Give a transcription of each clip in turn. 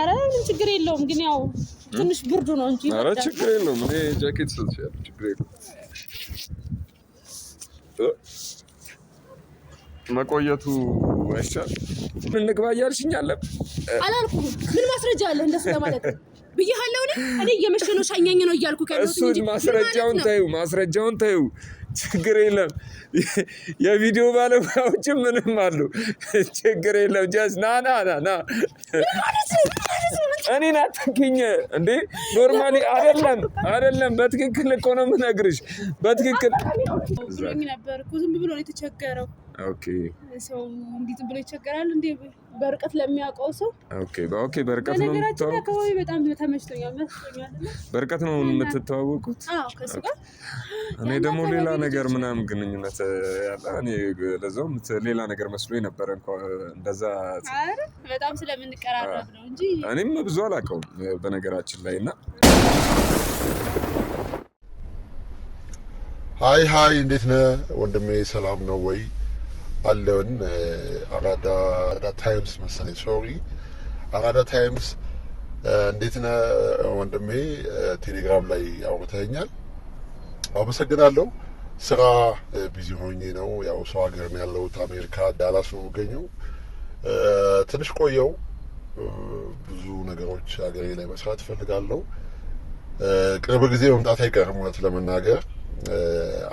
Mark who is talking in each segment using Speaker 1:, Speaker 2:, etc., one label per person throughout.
Speaker 1: ኧረ ምን ችግር የለውም ግን ያው ትንሽ ብርዱ ነው እንጂ
Speaker 2: ኧረ ችግር የለውም። እኔ ጃኬት ሰጥቻለሁ፣ ችግር የለውም። መቆየቱ አይቻልም። ምን እንግባ እያልሽኝ አለ
Speaker 1: አላልኩም። ምን ማስረጃ አለ እንደሱ ለማለት ብያለሁ። እኔ እየመሸ ነው ሻኛኝ ነው እያልኩ
Speaker 2: እሱን ማስረጃውን ተይው፣ ማስረጃውን ተይው። ችግር የለም። የቪዲዮ ባለሙያዎች ምንም አሉ። ችግር የለም። ጀስ ና ና ና ና እኔን አትንኪኝ እንዴ! ኖርማሊ አይደለም፣ አይደለም። በትክክል እኮ ነው የምነግርሽ። በትክክል
Speaker 1: ነበርኩ። ዝም ብሎ ነው የተቸገረው ሰው እንዲህ ብሎ ይቸገራል እንዴ? በርቀት ለሚያውቀው ሰው
Speaker 2: ኦኬ። በርቀት
Speaker 1: ነው ነገራችን። አካባቢ በጣም ተመችቶኛል
Speaker 2: በርቀት ነው የምትተዋወቁት እኔ ደግሞ ሌላ ነገር ምናምን ግንኙነት ያለ ለዛውም ሌላ ነገር መስሎ ነበረ። እንኳ እንደዛ
Speaker 1: በጣም ስለምንቀራረብ ነው እንጂ
Speaker 2: እኔም ብዙ አላውቀውም በነገራችን ላይ እና ሀይ ሀይ፣ እንዴት ነህ ወንድሜ? ሰላም ነው ወይ? አለውን አራዳ ታይምስ መሰለኝ ሶሪ አራዳ ታይምስ እንዴት ነህ ወንድሜ ቴሌግራም ላይ አውርተኛል አመሰግናለሁ ስራ ቢዚ ሆኜ ነው ያው ሰው ሀገር ነው ያለሁት አሜሪካ ዳላስ ነው የምገኘው ትንሽ ቆየው ብዙ ነገሮች ሀገሬ ላይ መስራት እፈልጋለሁ ቅርብ ጊዜ መምጣት አይቀርም እውነት ለመናገር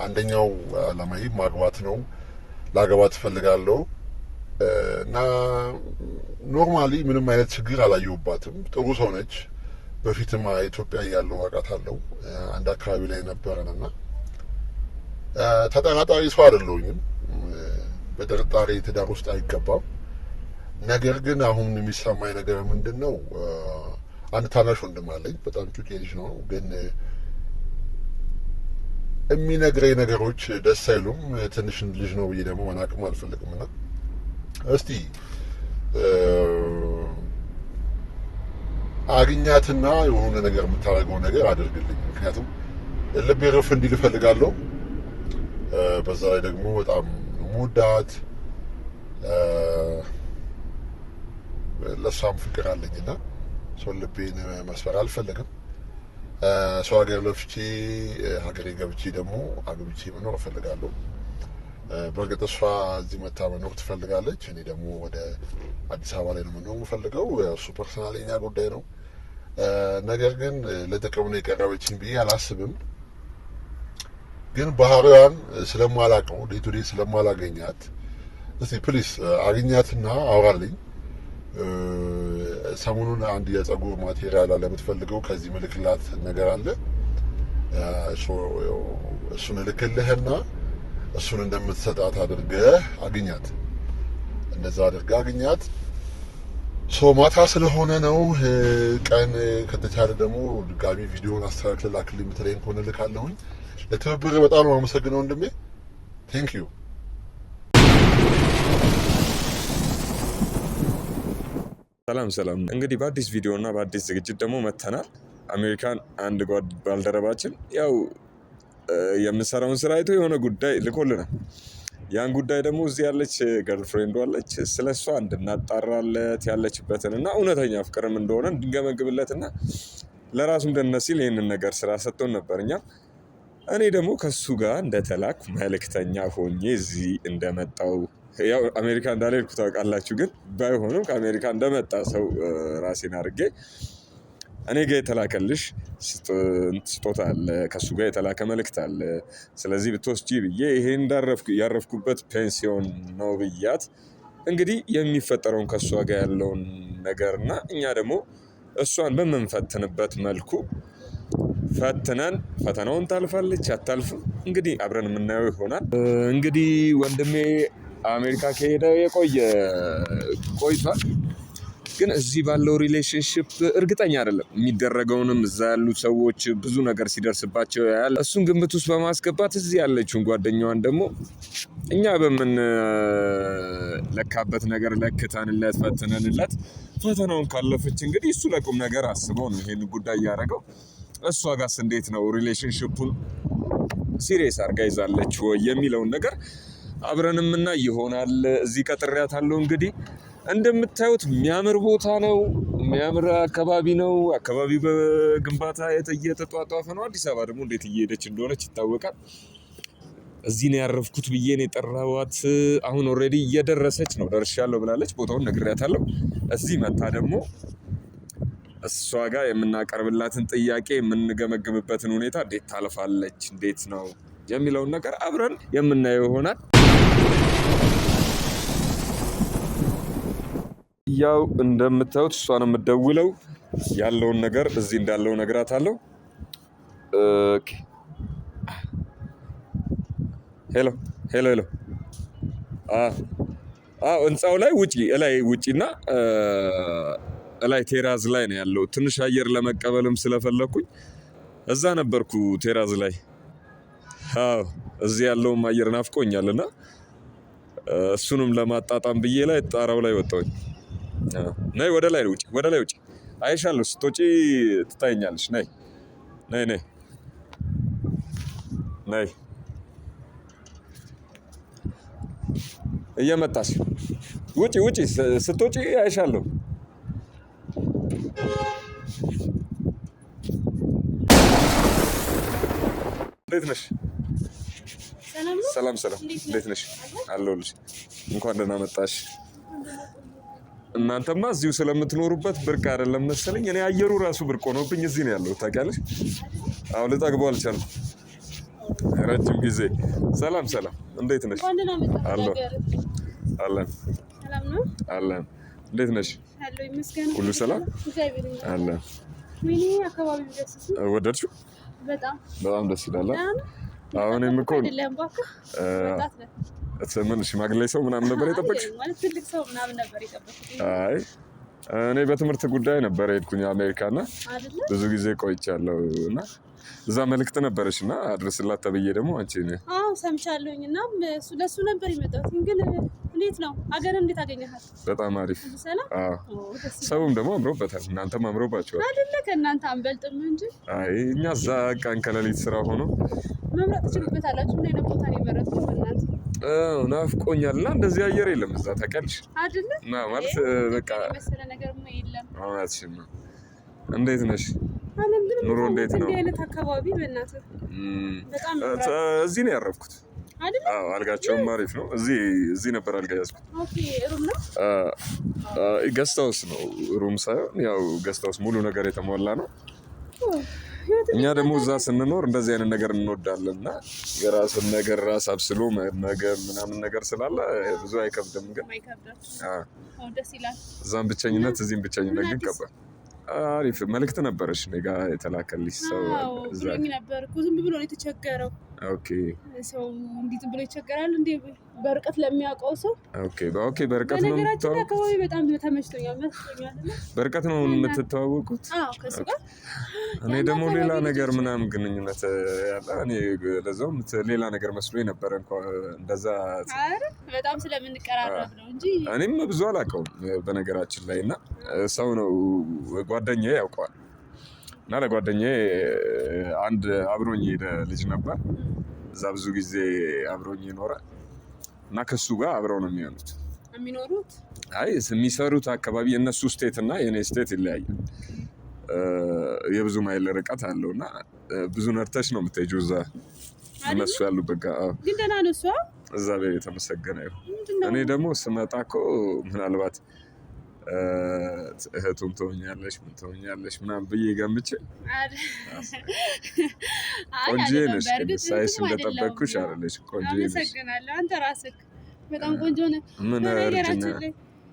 Speaker 2: አንደኛው አላማዬ ማግባት ነው ላገባ ትፈልጋለሁ እና ኖርማሊ ምንም አይነት ችግር አላየሁባትም። ጥሩ ሰው ነች። በፊትም ኢትዮጵያ እያለሁ አውቃታለሁ። አንድ አካባቢ ላይ ነበረን እና ተጠራጣሪ ሰው አይደለሁኝም። በጥርጣሬ ትዳር ውስጥ አይገባም። ነገር ግን አሁን የሚሰማኝ ነገር ምንድን ነው? አንድ ታናሽ ወንድም አለኝ። በጣም ጩጬ ልጅ ነው ግን የሚነግረኝ ነገሮች ደስ አይሉም። ትንሽ ልጅ ነው ብዬ ደግሞ መናቅም አልፈልግም እና እስቲ አግኛትና የሆነ ነገር የምታደርገው ነገር አድርግልኝ። ምክንያቱም ልቤ ርፍ እንዲል እፈልጋለሁ። በዛ ላይ ደግሞ በጣም ሙዳት ለእሷም ፍቅር አለኝና ሰው ልቤን መስበር አልፈልግም። ሰው ሀገር ለፍቼ ሀገሬ ገብቼ ደግሞ አግብቼ መኖር እፈልጋለሁ። በእርግጥ እሷ እዚህ መታ መኖር ትፈልጋለች። እኔ ደግሞ ወደ አዲስ አበባ ላይ ነው መኖር የምፈልገው። እሱ ፐርሰናል የኛ ጉዳይ ነው። ነገር ግን ለጥቅም ነው የቀረበችኝ ብዬ አላስብም። ግን ባህሪዋን ስለማላቀው ዴይ ቱ ዴይ ስለማላገኛት እስቲ ፕሊስ አግኛትና አውራልኝ ሰሞኑን አንድ የጸጉር ማቴሪያል ለምትፈልገው ከዚህ ምልክላት ነገር አለ። እሱን እልክልህና እሱን እንደምትሰጣት አድርገህ አግኛት። እንደዛ አድርገ አግኛት። ሶ ማታ ስለሆነ ነው። ቀን ከተቻለ ደግሞ ድጋሚ ቪዲዮን አስተካክል ላክልኝ የምትለይን ከሆነ ልካለሁኝ። ለትብብር በጣም ነው አመሰግነው ወንድሜ። ቴንክ ዩ ሰላም ሰላም። እንግዲህ በአዲስ ቪዲዮ እና በአዲስ ዝግጅት ደግሞ መጥተናል። አሜሪካን አንድ ጓድ ባልደረባችን ያው የምንሰራውን ስራ አይቶ የሆነ ጉዳይ ልኮልናል። ያን ጉዳይ ደግሞ እዚህ ያለች ገርልፍሬንዱ አለች፣ ስለ እሷ እንድናጣራለት ያለችበትን እና እውነተኛ ፍቅርም እንደሆነ እንድንገመግብለት እና ለራሱም ደህንነት ሲል ይህንን ነገር ስራ ሰጥቶን ነበር። እኛም እኔ ደግሞ ከሱ ጋር እንደተላኩ መልእክተኛ ሆኜ እዚህ እንደመጣው ያው አሜሪካ እንዳልሄድኩ ታውቃላችሁ። ግን ባይሆንም ከአሜሪካ እንደመጣ ሰው ራሴን አድርጌ እኔ ጋ የተላከልሽ ስጦታ አለ፣ ከሱ ጋር የተላከ መልእክት አለ። ስለዚህ ብትወስጂ ብዬ ይሄን ያረፍኩበት ፔንሲዮን ነው ብያት እንግዲህ የሚፈጠረውን ከእሷ ጋር ያለውን እና እኛ ደግሞ እሷን በምንፈትንበት መልኩ ፈትነን ፈተናውን ታልፋለች አታልፍም፣ እንግዲህ አብረን የምናየው ይሆናል። እንግዲህ ወንድሜ አሜሪካ ከሄደ የቆየ ቆይቷል። ግን እዚህ ባለው ሪሌሽንሽፕ እርግጠኛ አይደለም። የሚደረገውንም እዛ ያሉ ሰዎች ብዙ ነገር ሲደርስባቸው ያያል። እሱን ግምት ውስጥ በማስገባት እዚህ ያለችውን ጓደኛዋን ደግሞ እኛ በምንለካበት ነገር ለክተንለት ፈትነንለት፣ ፈተናውን ካለፈች እንግዲህ እሱ ለቁም ነገር አስበው ነው ይሄን ጉዳይ እያደረገው። እሷ ጋስ እንዴት ነው ሪሌሽንሽፑን ሲሪየስ አድርጋ ይዛለች ወይ የሚለውን ነገር አብረን የምናይ ይሆናል። እዚህ ቀጥሬያታለሁ። እንግዲህ እንደምታዩት የሚያምር ቦታ ነው። የሚያምር አካባቢ ነው። አካባቢ በግንባታ እየተጧጧፈ ነው። አዲስ አበባ ደግሞ እንዴት እየሄደች እንደሆነች ይታወቃል። እዚህ ነው ያረፍኩት ብዬ ነው የጠራዋት። አሁን ኦልሬዲ እየደረሰች ነው፣ ደርሻለሁ ብላለች። ቦታውን ነግሬያታለሁ። እዚህ መታ ደግሞ እሷ ጋር የምናቀርብላትን ጥያቄ የምንገመግምበትን ሁኔታ እንዴት ታልፋለች፣ እንዴት ነው የሚለውን ነገር አብረን የምናየው ይሆናል። ያው እንደምታዩት እሷን የምደውለው። ያለውን ነገር እዚህ እንዳለው እነግራታለሁ። ሄሎ ሄሎ ሄሎ ህንፃው ላይ ውጪ እላይ ውጪ እና እላይ ቴራዝ ላይ ነው ያለው። ትንሽ አየር ለመቀበልም ስለፈለኩኝ እዛ ነበርኩ ቴራዝ ላይ። እዚህ ያለውም አየር ናፍቆኛል እና እሱንም ለማጣጣም ብዬ ላይ ጣራው ላይ ወጣሁኝ። ነይ ወደ ላይ ውጭ፣ ወደ ላይ ውጭ። አይሻለሁ ስትወጪ ትታይኛለሽ። ነይ ነይ ነይ ነይ እየመጣሽ ውጪ ውጪ፣ ስትወጪ አይሻለሁ። እንዴት ነሽ? ሰላም ሰላም፣ እንዴት ነሽ? አለሁልሽ። እንኳን ደህና መጣሽ። እናንተማ እዚሁ ስለምትኖሩበት ብርቅ አይደለም መሰለኝ። እኔ አየሩ ራሱ ብርቅ ሆኖብኝ እዚህ ነው ያለው ታውቂያለሽ። አሁን ልጠግበው አልቻልኩም ረጅም ጊዜ። ሰላም ሰላም፣ እንዴት
Speaker 1: ነሽ? አለን
Speaker 2: አለን አለን። እንዴት ነሽ? ሁሉ ሰላም አለን። ወደድሽው? በጣም ደስ ይላል። አሁን እኮ ምን ሽማግሌ ሰው ምናምን ነበር የጠበቅሽ? አይ እኔ በትምህርት ጉዳይ ነበር የሄድኩኝ አሜሪካ እና ብዙ ጊዜ ቆይቻለሁ እና እዛ መልእክት ነበረሽ እና አድርስላት ተብዬ ደግሞ አንቺ
Speaker 1: ሰምቻለሁኝ እና ለሱ ነበር የመጣሁት። ግን እንዴት ነው አገር እንዴት አገኘሃል?
Speaker 2: በጣም አሪፍ ሰውም ደግሞ አምሮበታል። እናንተም አምሮባቸዋል
Speaker 1: አይደለ? ከእናንተ አንበልጥም እንጂ።
Speaker 2: አይ እኛ እዛ ቀን ከሌሊት ስራ ሆኖ
Speaker 1: መምረጥ ትችሉበት አላችሁ። ምን አይነት ቦታ ነው
Speaker 2: ናፍቆኛል እና እንደዚህ አየር የለም እዛ ታውቂያለሽ። ማለት በቃ እንዴት ነሽ? ኑሮ እንዴት ነው? እዚህ ነው ያረፍኩት። አልጋቸውም አሪፍ ነው። እዚህ ነበር አልጋ ያዝኩት። ገስት ነው ሩም ሳይሆን ያው ገስት ሙሉ ነገር የተሟላ ነው። እኛ ደግሞ እዛ ስንኖር እንደዚህ አይነት ነገር እንወዳለን እና የራስን ነገር ራስ አብስሎ መመገብ ምናምን ነገር ስላለ ብዙ አይከብድም። ግን እዛም ብቸኝነት እዚህም ብቸኝነት ግን ከባድ አሪፍ መልዕክት ነበረች ጋ የተላከልሽ ሰው ነበር እኮ ዝም ብሎ ነው የተቸገረው። ሰው እንዲህ ዝም ብሎ ይቸገራል በርቀት ለሚያውቀው ሰው ኦኬ። በርቀት ነው በጣም ተመችቶኛል። በርቀት ነው የምትተዋወቁት ከሱ ጋር እኔ ደግሞ ሌላ ነገር ምናምን ግንኙነት ያለ እኔ ለዛውም ሌላ ነገር መስሎ ነበረ። እንደዛ በጣም ስለምንቀራረብ ነው እንጂ እኔም ብዙ አላውቀውም በነገራችን ላይ እና ሰው ነው ጓደኛ ያውቀዋል። እና ለጓደኛ አንድ አብሮኝ የሄደ ልጅ ነበር እዛ ብዙ ጊዜ አብሮኝ ይኖረ እና ከሱ ጋር አብረው ነው የሚሆኑት የሚኖሩት አይ የሚሰሩት አካባቢ የእነሱ ስቴት እና የእኔ ስቴት ይለያያል። የብዙ ማይል ርቀት አለው እና ብዙ ነርተሽ ነው የምትሄጂው እዛ እነሱ ያሉበት ጋር ግን ደህና ነው እሷ እዛ ላይ የተመሰገነ ይሁን። እኔ ደግሞ ስመጣ እኮ ምናልባት እህቱም ትሆኛለሽ ምን ትሆኛለሽ ምናምን ብዬ ገምቼ ቆንጆ ነሽ፣ ሳይስ እንደጠበቅኩሽ አለች ቆንጆ ነሽ። አንተ ራስህ በጣም ቆንጆ ነህ።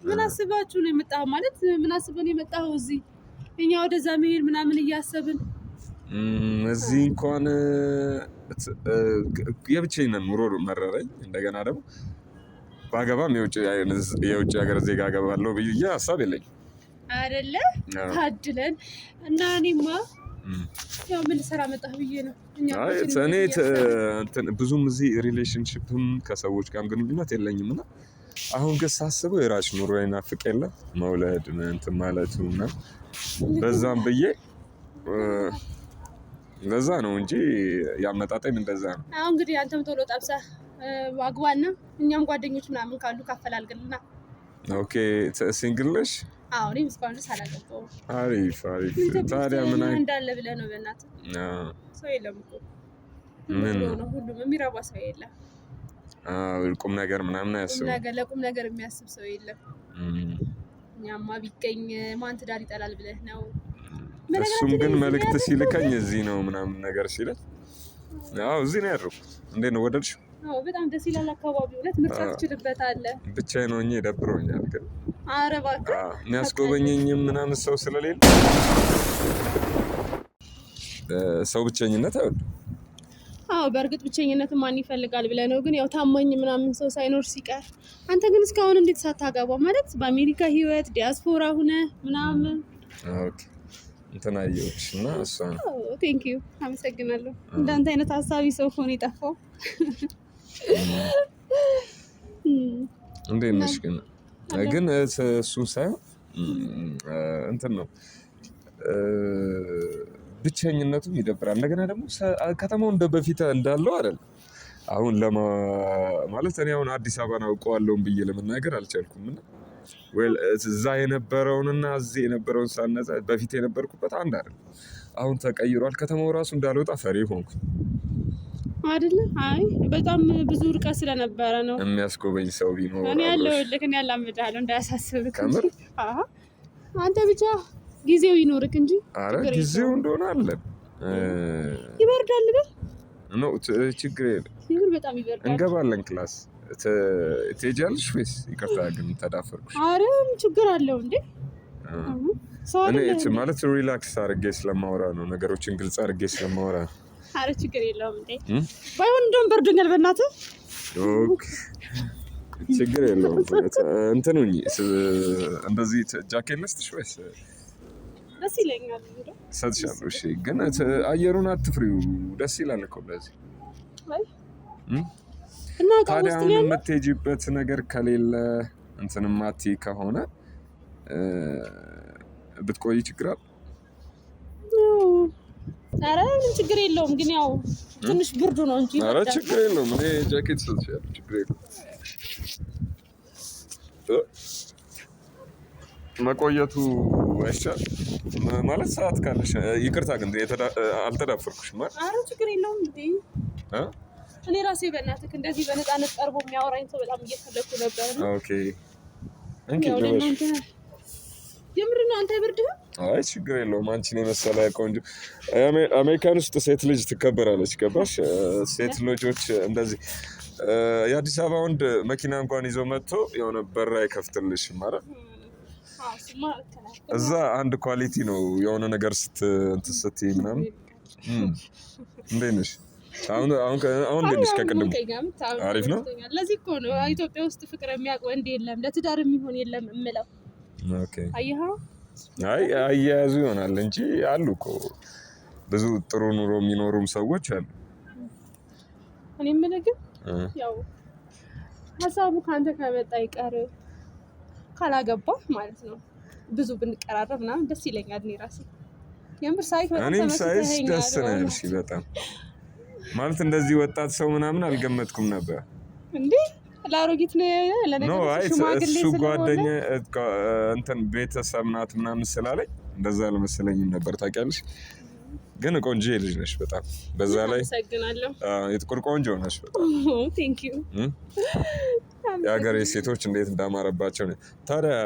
Speaker 2: ምን አስባችሁ ነው የመጣኸው? ማለት ምን አስበህ የመጣኸው እዚህ እኛ ወደዛ መሄድ ምናምን እያሰብን እዚህ እንኳን የብቻዬን ኑሮ መረረኝ። እንደገና ደግሞ ባገባም የውጭ ሀገር ዜጋ አገባለሁ ብዬ ሀሳብ የለኝ አይደለ። ታድለን እና እኔማ ያው ምን ልሰራ መጣህ ብዬ ነው። እኔ ብዙም እዚህ ሪሌሽንሽፕም ከሰዎች ጋርም ግንኙነት የለኝም እና አሁን ግን ሳስበው የራሱ ኑሮ ይናፍቅ የለ መውለድ እንትን ማለቱ እና በዛም ብዬ ለዛ ነው እንጂ ያመጣጠኝ እንደዛ ነው። አሁን እንግዲህ አንተም ቶሎ ጠብሰህ አግባና እኛም ጓደኞች ምናምን ካሉ ካፈላልግልና። ኦኬ ሲንግል ነሽ? አዎ እኔም እስካሁን ድረስ አላገባሁም። አሪፍ አሪፍ። ታዲያ ምን እንዳለ ብለህ ነው? በእናትህ ሰው የለም እኮ ምን ነው ሁሉም የሚረባ ሰው የለም። ቁም ነገር ምናምን አያስብም። ለቁም ነገር የሚያስብ ሰው የለም። እኛማ ቢገኝ ማን ትዳር ይጠላል ብለህ ነው። እሱም ግን መልእክት ሲልከኝ እዚህ ነው ምናምን ነገር ሲለኝ፣ እዚህ ነው ያደረኩት። እንዴት ነው ወደድሽ? በጣም ደስ ይላል አካባቢው። እውነት መርሳት ትችልበታለህ። ብቻዬን ሆኜ ደብሮኛል፣ ግን ኧረ እባክህ የሚያስጎበኘኝም ምናምን ሰው ስለሌለ ሰው ብቸኝነት አይወድም። አዎ በእርግጥ ብቸኝነትን ማን ይፈልጋል ብለህ ነው። ግን ያው ታማኝ ምናምን ሰው ሳይኖር ሲቀር አንተ ግን እስካሁን እንዴት ሳታገባ ማለት በአሜሪካ ህይወት ዲያስፖራ ሁነ ምናምን እንትን እና እሷ ቴንክ ዩ አመሰግናለሁ። እንዳንተ አይነት ሀሳቢ ሰው ሆኖ የጠፋው እንዴ ነሽ? ግን ግን እሱን ሳይሆን እንትን ነው ብቸኝነቱ ይደብራል። እንደገና ደግሞ ከተማው እንደ በፊት እንዳለው አይደለም። አሁን ለማ ማለት እኔ አሁን አዲስ አበባን አውቀዋለሁም ብዬ ለመናገር አልቻልኩም እዛ የነበረውንና እዚህ የነበረውን ሳነጻ በፊት የነበርኩበት አንድ አይደለም። አሁን ተቀይሯል። ከተማው ራሱ እንዳልወጣ ፈሪ ሆንኩ አይደለ? አይ በጣም ብዙ ርቀት ስለነበረ ነው። የሚያስጎበኝ ሰው ቢኖር እኔ ያለሁልህ፣ እኔ ያላምድሃለሁ፣ እንዳያሳስብህ። አንተ ብቻ ጊዜው ይኖርክ እንጂ አረ ጊዜው እንደሆነ አለን ይበርዳል በል ኖ ችግር የለም በጣም ይበርዳል እንገባለን ክላስ ትሄጃለሽ ወይስ ይቅርታ ግን ተዳፈርኩሽ አረም ችግር አለው እንዴ እኔ ማለት ሪላክስ አድርጌ ስለማወራ ነው ነገሮችን ግልጽ አድርጌ ስለማወራ አረ ችግር የለውም እንዴ ባይሆን እንደውም በርዶኛል በእናትህ ችግር የለውም እንትኑ እንደዚህ ጃኬት ልስጥሽ ወይስ ደስ ይለኛል። እሰጥሻለሁ። እሺ፣ ግን አየሩን አትፍሪው። ደስ ይላል እኮ ለዚህ ታዲያ አሁን የምትሄጂበት ነገር ከሌለ እንትንም ማቲ ከሆነ ብትቆይ ችግር አለ? ኧረ ምን ችግር የለውም፣ ግን ያው ትንሽ ብርዱ ነው እንጂ ኧረ ችግር የለውም። እኔ ጃኬት ሰጥሻለሁ፣ ችግር የለውም። መቆየቱ አይቻል ማለት ሰዓት ካለሽ ይቅርታ፣ ግን አልተዳፈርኩሽም። ኧረ ችግር የለውም እንዴ እኔ ራሴ በእናትህ እንደዚህ በነፃነት ቀርቦ የሚያወራኝ ሰው በጣም እየፈለግኩ ነበር። የምርና አንተ ብርድህ? አይ ችግር የለውም። አንቺን የመሰለ ቆንጆ አሜሪካን ውስጥ ሴት ልጅ ትከበራለች። ገባሽ? ሴት ልጆች እንደዚህ የአዲስ አበባ ወንድ መኪና እንኳን ይዞ መጥቶ የሆነ በራ አይከፍትልሽም ማለት እዛ አንድ ኳሊቲ ነው የሆነ ነገር ስት እንትን ስትይ ምናምን እንዴት ነሽ? አሁን አሁን እንዴት ነሽ? ከቅድሙ አሪፍ ነው። ለዚህ እኮ ነው ኢትዮጵያ ውስጥ ፍቅር የሚያውቅ ወንድ የለም፣ ለትዳር የሚሆን የለም እምለው። ኦኬ አይ አያያዙ ይሆናል እንጂ አሉ እኮ ብዙ ጥሩ ኑሮ የሚኖሩም ሰዎች አሉ። እኔ የምልህ ግን ያው ሀሳቡ ከአንተ ከመጣ ይቀር ካላገባው ማለት ነው። ብዙ ብንቀራረብ ምናምን ደስ ይለኛል። እኔ ራሴ የምር ሳይክ በጣም ደስ ነው። እሺ በጣም ማለት እንደዚህ ወጣት ሰው ምናምን አልገመጥኩም ነበር እንዴ ለአሮጊት ነው። እሱ ጓደኛ እንትን ቤተሰብ ናት ምናምን ስላለኝ እንደዛ አልመሰለኝም ነበር። ታውቂያለሽ፣ ግን ቆንጆ ልጅ ነሽ በጣም በዛ ላይ የጥቁር ቆንጆ ነሽ በጣም የሀገሬ ሴቶች እንዴት እንዳማረባቸው። ታዲያ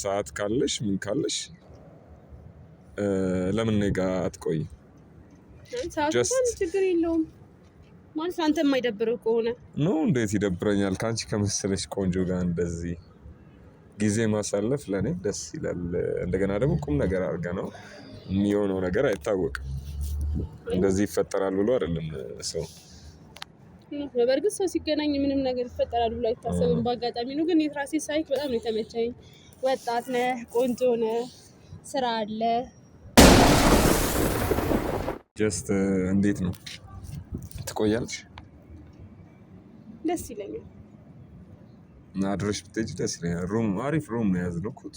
Speaker 2: ሰዓት ካለሽ ምን ካለሽ ለምን እኔ ጋ አትቆይ? ችግር የለውም ማለት አንተ የማይደብረው ከሆነ ኖ፣ እንዴት ይደብረኛል? ከአንቺ ከመሰለሽ ቆንጆ ጋር እንደዚህ ጊዜ ማሳለፍ ለእኔ ደስ ይላል። እንደገና ደግሞ ቁም ነገር አድርገ ነው የሚሆነው ነገር አይታወቅም። እንደዚህ ይፈጠራል ብሎ አይደለም ሰው እውነት ነው። በእርግጥ ሰው ሲገናኝ ምንም ነገር ይፈጠራል ብሎ አይታሰብም። በአጋጣሚ ነው። ግን የትራሴ ሳይክ በጣም ነው የተመቸኝ። ወጣት ነህ፣ ቆንጆ ነህ፣ ስራ አለ። ጀስት እንዴት ነው ትቆያለሽ? ደስ ይለኛል። እና አድረሽ ብትሄጂ ደስ ይለኛል። ሩም አሪፍ ሩም ነው ያዝልኩት።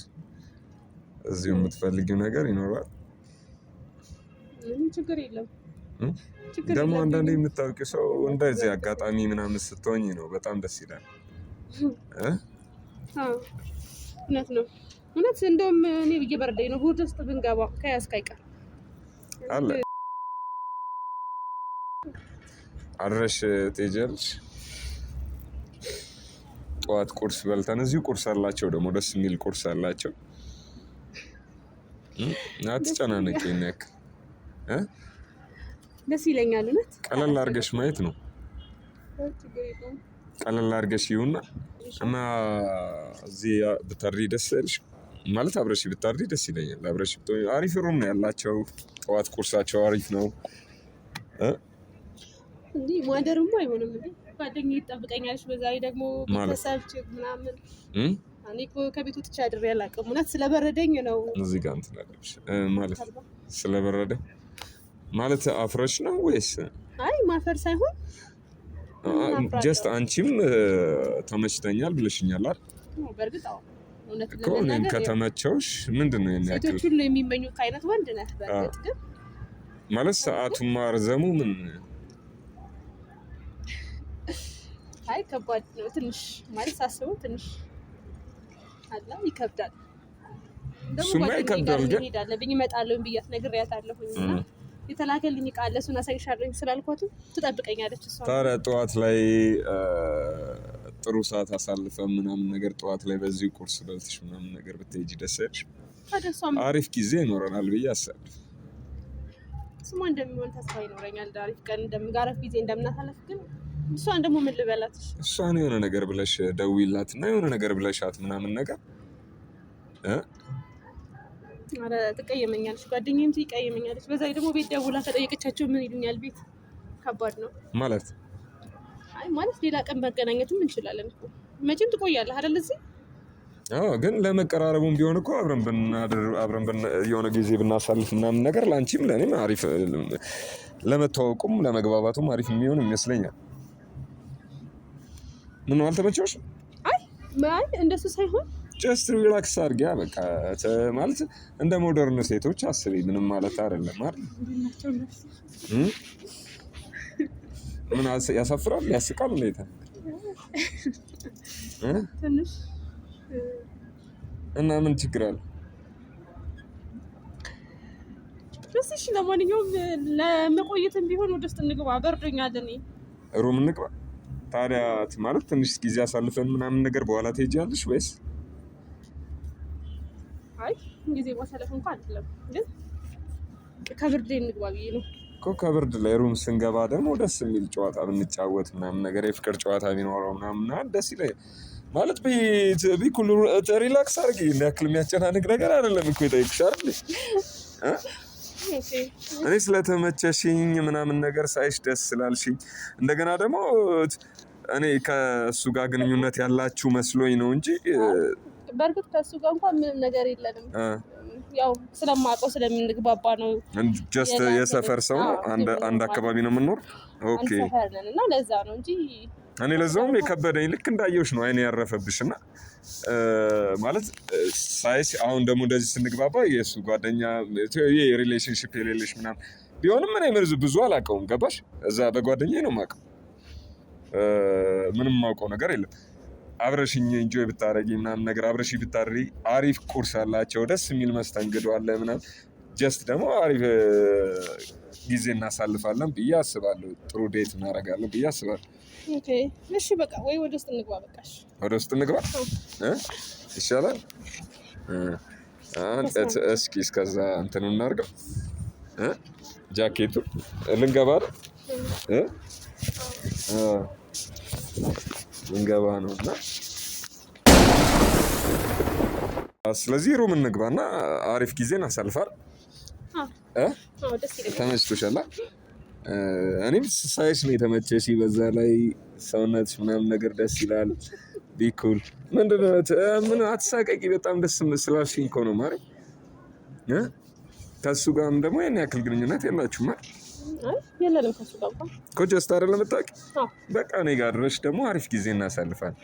Speaker 2: እዚሁ የምትፈልጊው ነገር ይኖረዋል። ምንም ችግር የለም ደግሞ አንዳንድ የምታውቂው ሰው እንደዚህ አጋጣሚ ምናምን ስትሆኝ ነው በጣም ደስ ይላል። እውነት ነው። እውነት እንደውም እኔ ብዬ በረዳኝ ነው እሑድ ውስጥ ብንገባ ከያዝክ አይቀር አለ አድረሽ ትሄጃለሽ። ጠዋት ቁርስ በልተን እዚሁ ቁርስ አላቸው፣ ደግሞ ደስ የሚል ቁርስ አላቸው። አትጨናነቂ ያክል ደስ ይለኛል። እውነት ቀለል አድርገሽ ማየት ነው። ቀለል አድርገሽ ይሁና እና እዚህ ብታድሪ ደስ ይለሽ ማለት አብረሽ ብታድሪ ደስ ይለኛል። አብረሽ አሪፍ ሩም ነው ያላቸው። ጠዋት ቁርሳቸው አሪፍ ነው። እንዲህ ማደርማ አይሆንም። ጓደኛ ይጠብቀኛለች። በዛ ላይ ደግሞ ቤተሰብ ምናምን እኔ ከቤት ወጥቼ አድሬ አላውቅም። እውነት ስለበረደኝ ነው እዚህ ጋር እንትን አለብሽ ማለት ስለበረደ ማለት አፍረሽ ነው ወይስ? አይ ማፈር ሳይሆን ጀስት አንቺም ተመችተኛል ብለሽኛል አይደል? እኮ እኔም ከተመቸውሽ ምንድን ነው የሚያክል ሴቶች ሁሉ የሚመኙት አይነት ወንድ ነህ። በእርግጥ ግን ማለት ሰዓቱማ ማርዘሙ ምን አይ ከባድ ነው ትንሽ ማለት ሳስበው ትንሽ አላ ይከብዳል። ደግሞ ጓደኛ ጋር እንሄዳለን ብኝ እመጣለሁ ብያት ነግሬያታለሁኝ እና የተላከልኝ እቃ አለ እሱን አሳይሻለሁ ስላልኳትም ትጠብቀኛለች። እሷ ታዲያ ጠዋት ላይ ጥሩ ሰዓት አሳልፈ ምናምን ነገር ጠዋት ላይ በዚህ ቁርስ በልትሽ ምናምን ነገር ብትሄጂ ደስ ያለሽ አሪፍ ጊዜ ይኖረናል ብዬ አሳልፍ ስሟ እንደሚሆን ተስፋ ይኖረኛል። አሪፍ ቀን እንደምጋረፍ ጊዜ እንደምናሳለፍ ግን እሷን ደግሞ ምን ልበላት? እሷን የሆነ ነገር ብለሽ ደውይላት እና የሆነ ነገር ብለሻት ምናምን ነገር ኧረ ትቀየመኛለች፣ ጓደኛዬም ትቀየመኛለች። በዛ ደግሞ ቤት ደውላ ተጠየቀቻቸው ምን ይሉኛል? ቤት ከባድ ነው ማለት አይ ማለት ሌላ ቀን መገናኘትም እንችላለን እኮ መቼም ትቆያለህ አይደል? እዚህ ግን ለመቀራረቡም ቢሆን እኮ አብረን ብናድር አብረን የሆነ ጊዜ ብናሳልፍ ምናምን ነገር ለአንቺም ለእኔም አሪፍ፣ ለመተዋወቁም ለመግባባቱም አሪፍ የሚሆን ይመስለኛል። ምን ነው አይ እንደሱ ሳይሆን ጀስት ሪላክስ አድርጊያ በቃ ማለት እንደ ሞደርን ሴቶች አስቢ ምንም ማለት አይደለም አይደል? ምን ያሳፍራል? ያስቃል ሁኔታ እና ምን ችግር አለ? እሺ፣ ለማንኛውም ለመቆየትም ቢሆን ወደ ውስጥ እንግባ። በርዶኛል። እኔ ሩም እንግባ ታዲያ ማለት ትንሽ ጊዜ አሳልፈን ምናምን ነገር በኋላ ትሄጃለሽ ወይስ አይ ጊዜ ማሳለፍ እንኳን አይደለም፣ ግን ከብርድ እንግባ ብዬ ነው እኮ ከብርድ ላይ ሩም ስንገባ ደግሞ ደስ የሚል ጨዋታ ብንጫወት ምናምን ነገር የፍቅር ጨዋታ ቢኖረው ምናምና ደስ ይለ ማለት ቢኩል ሪላክስ አድርጊ። እንደ ያክል የሚያጨናንቅ ነገር አይደለም እኮ የጠየቅሽ እኔ ስለተመቸሽኝ ምናምን ነገር ሳይሽ ደስ ስላልሽኝ እንደገና ደግሞ እኔ ከእሱ ጋር ግንኙነት ያላችሁ መስሎኝ ነው እንጂ በእርግጥ ከእሱ ጋር እንኳን ምንም ነገር የለንም። ያው ስለማውቀው ስለምንግባባ ነው። ጀስት የሰፈር ሰው አንድ አካባቢ ነው የምንኖር። ኦኬ እና ለዛ ነው እንጂ እኔ ለዛውም የከበደኝ ልክ እንዳየሁሽ ነው አይኔ ያረፈብሽ እና ማለት ሳይስ አሁን ደግሞ እንደዚህ ስንግባባ የእሱ ጓደኛ ሪሌሽንሽፕ የሌለሽ ምናምን ቢሆንም ምን ምርዝ ብዙ አላውቀውም። ገባሽ? እዛ በጓደኛ ነው የማውቀው ምንም የማውቀው ነገር የለም። አብረሽኝ እንጆይ ብታረጊ ምናምን ነገር አብረሽ ብታሪ አሪፍ ቁርስ አላቸው፣ ደስ የሚል መስተንግዶ አለ ምናምን። ጀስት ደግሞ አሪፍ ጊዜ እናሳልፋለን ብዬ አስባለሁ። ጥሩ ዴት እናደርጋለን ብዬ አስባለሁ። እሺ በቃ ወይ ወደ ውስጥ እንግባ፣ በቃ ወደ ውስጥ እንግባ ይሻላል። እስኪ እስከዛ እንትን እናርገው ጃኬቱ ልንገባ ነው። ልንገባ ነው እና ስለዚህ ሩም እንግባ እንግባና አሪፍ ጊዜን አሳልፋል። ተመችቶሻል? እኔም ሳይስ ነው የተመቸሽ። በዛ ላይ ሰውነት ምናምን ነገር ደስ ይላል። ቢኩል ምንድነው ምን አትሳቀቂ። በጣም ደስ ስላልሽኝ እኮ ነው ማሪ። ከሱ ጋርም ደግሞ ያን ያክል ግንኙነት የላችሁ የላችሁም። የለንም ከሱ ጋር ኮች ስታ አይደለም የምታውቂ። በቃ እኔ ጋር ድረሽ ደግሞ አሪፍ ጊዜ እናሳልፋለን።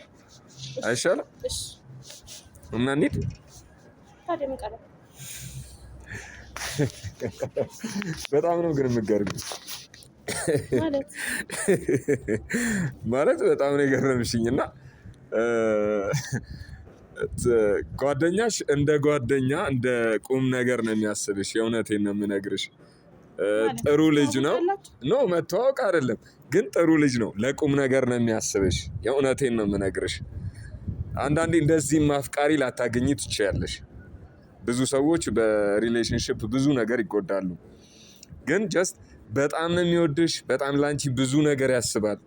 Speaker 2: አይሻልም? እና እንሂድ በጣም ነው ግን የምትገርሚው ማለት በጣም ነው የገረምሽኝ። እና ጓደኛሽ እንደ ጓደኛ እንደ ቁም ነገር ነው የሚያስብሽ። የእውነቴን ነው የምነግርሽ። ጥሩ ልጅ ነው። ኖ መተዋወቅ አይደለም ግን ጥሩ ልጅ ነው። ለቁም ነገር ነው የሚያስብሽ። የእውነቴን ነው የምነግርሽ። አንዳንዴ እንደዚህም አፍቃሪ ላታገኝ ትችያለሽ። ብዙ ሰዎች በሪሌሽንሽፕ ብዙ ነገር ይጎዳሉ። ግን ጀስት በጣም ነው የሚወድሽ። በጣም ላንቺ ብዙ ነገር ያስባል።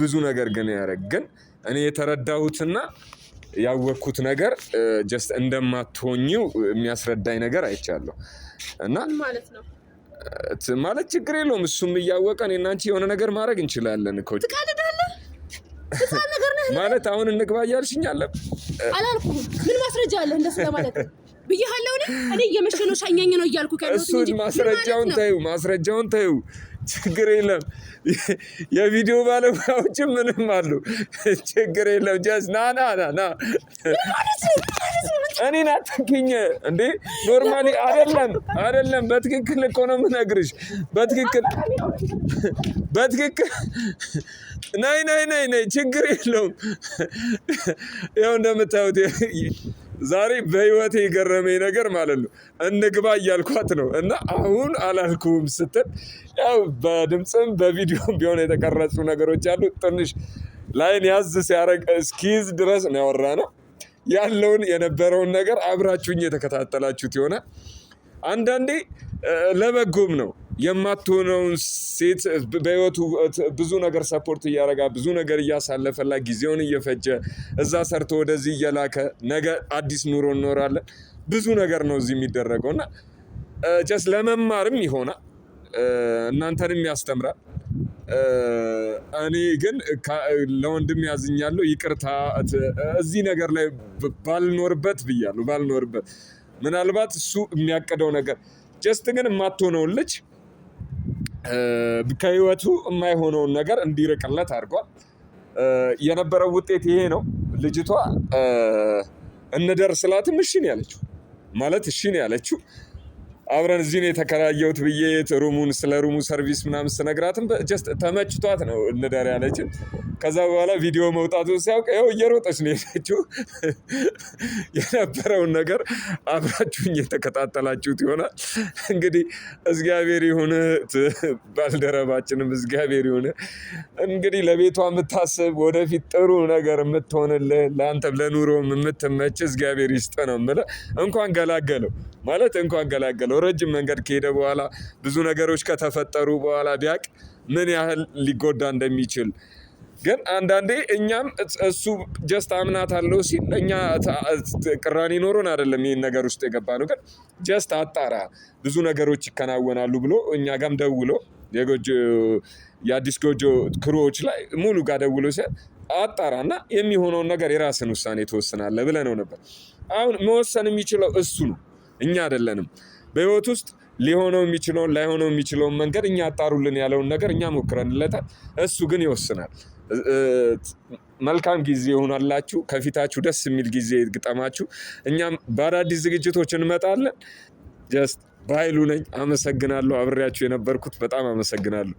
Speaker 2: ብዙ ነገር ግን ያደረግ ግን እኔ የተረዳሁትና ያወቅኩት ነገር ጀስት እንደማትሆኝው የሚያስረዳኝ ነገር አይቻለሁ እና ማለት ነው ማለት ችግር የለውም። እሱም እያወቀ እኔ እና አንቺ የሆነ ነገር ማድረግ እንችላለን እኮ ማለት አሁን እንግባ እያልሽኝ አለ አላልኩም። ምን ማስረጃ አለ እንደሱ ለማለት ብያለሁ። እኔ እየመሸ ነው ሻኛኝ ነው እያልኩ ከእሱ ማስረጃውን ተይው፣ ማስረጃውን ተይው ችግር የለም። የቪዲዮ ባለሙያዎች ምንም አሉ፣ ችግር የለም። ጀስ ና ና ና ና እኔን አትንኪኝ እንዴ! ኖርማሊ አይደለም አይደለም። በትክክል እኮ ነው የምነግርሽ። በትክክል በትክክል ነይ ነይ ነይ ነይ፣ ችግር የለውም። ያው እንደምታዩት ዛሬ በህይወት የገረመኝ ነገር ማለት ነው። እንግባ እያልኳት ነው እና አሁን አላልኩም ስትል ያው በድምፅም በቪዲዮም ቢሆን የተቀረጹ ነገሮች አሉ። ትንሽ ላይን ያዝ ሲያደርግ እስኪዝ ድረስ ነው ያወራ ነው ያለውን የነበረውን ነገር አብራችሁኝ የተከታተላችሁት ይሆናል። አንዳንዴ ለበጎም ነው የማትሆነውን ሴት በህይወቱ ብዙ ነገር ሰፖርት እያረጋ ብዙ ነገር እያሳለፈላ ጊዜውን እየፈጀ እዛ ሰርቶ ወደዚህ እየላከ ነገ አዲስ ኑሮ እኖራለን። ብዙ ነገር ነው እዚህ የሚደረገው እና ጀስ ለመማርም ይሆናል፣ እናንተንም ያስተምራል። እኔ ግን ለወንድም ያዝኛለሁ፣ ይቅርታ እዚህ ነገር ላይ ባልኖርበት ብያለሁ፣ ባልኖርበት ምናልባት እሱ የሚያቅደው ነገር ጀስት ግን የማትሆነውን ልጅ ከህይወቱ የማይሆነውን ነገር እንዲርቅለት አድርጓል። የነበረው ውጤት ይሄ ነው። ልጅቷ እንደርስላትም እሺ ነው ያለችው ማለት እሺ ነው ያለችው። አብረን እዚህ ነው የተከራየሁት ብዬ ሩሙን ስለ ሩሙ ሰርቪስ ምናምን ስነግራትም ጀስት ተመችቷት ነው እንደር ያለችን። ከዛ በኋላ ቪዲዮ መውጣቱ ሲያውቅ ይኸው እየሮጠች ነው የሄደችው። የነበረውን ነገር አብራችሁኝ የተከታተላችሁት ይሆናል። እንግዲህ እግዚአብሔር ይሁን ባልደረባችንም እግዚአብሔር ይሁን እንግዲህ ለቤቷ የምታስብ ወደፊት ጥሩ ነገር የምትሆንልህ ለአንተም ለኑሮም የምትመች እግዚአብሔር ይስጥ ነው የምልህ። እንኳን ገላገለው ማለት እንኳን ገላገለው ነው። ረጅም መንገድ ከሄደ በኋላ ብዙ ነገሮች ከተፈጠሩ በኋላ ቢያቅ ምን ያህል ሊጎዳ እንደሚችል ግን አንዳንዴ እኛም እሱ ጀስት አምናት አለው ሲል እኛ ቅራኔ ኖሮን አይደለም ይህን ነገር ውስጥ የገባ ነው። ግን ጀስት አጣራ ብዙ ነገሮች ይከናወናሉ ብሎ እኛ ጋም ደውሎ የጎጆ የአዲስ ጎጆ ክሮዎች ላይ ሙሉ ጋር ደውሎ ሲል አጣራ እና የሚሆነውን ነገር የራስን ውሳኔ ትወስናለህ ብለህ ነው ነበር። አሁን መወሰን የሚችለው እሱ ነው፣ እኛ አይደለንም። በህይወት ውስጥ ሊሆነው የሚችለውን ላይሆነው የሚችለውን መንገድ እኛ አጣሩልን ያለውን ነገር እኛ ሞክረንለታል። እሱ ግን ይወስናል። መልካም ጊዜ ይሆናላችሁ። ከፊታችሁ ደስ የሚል ጊዜ ግጠማችሁ። እኛም በአዳዲስ ዝግጅቶች እንመጣለን። ጀስት በኃይሉ ነኝ። አመሰግናለሁ። አብሬያችሁ የነበርኩት በጣም አመሰግናለሁ።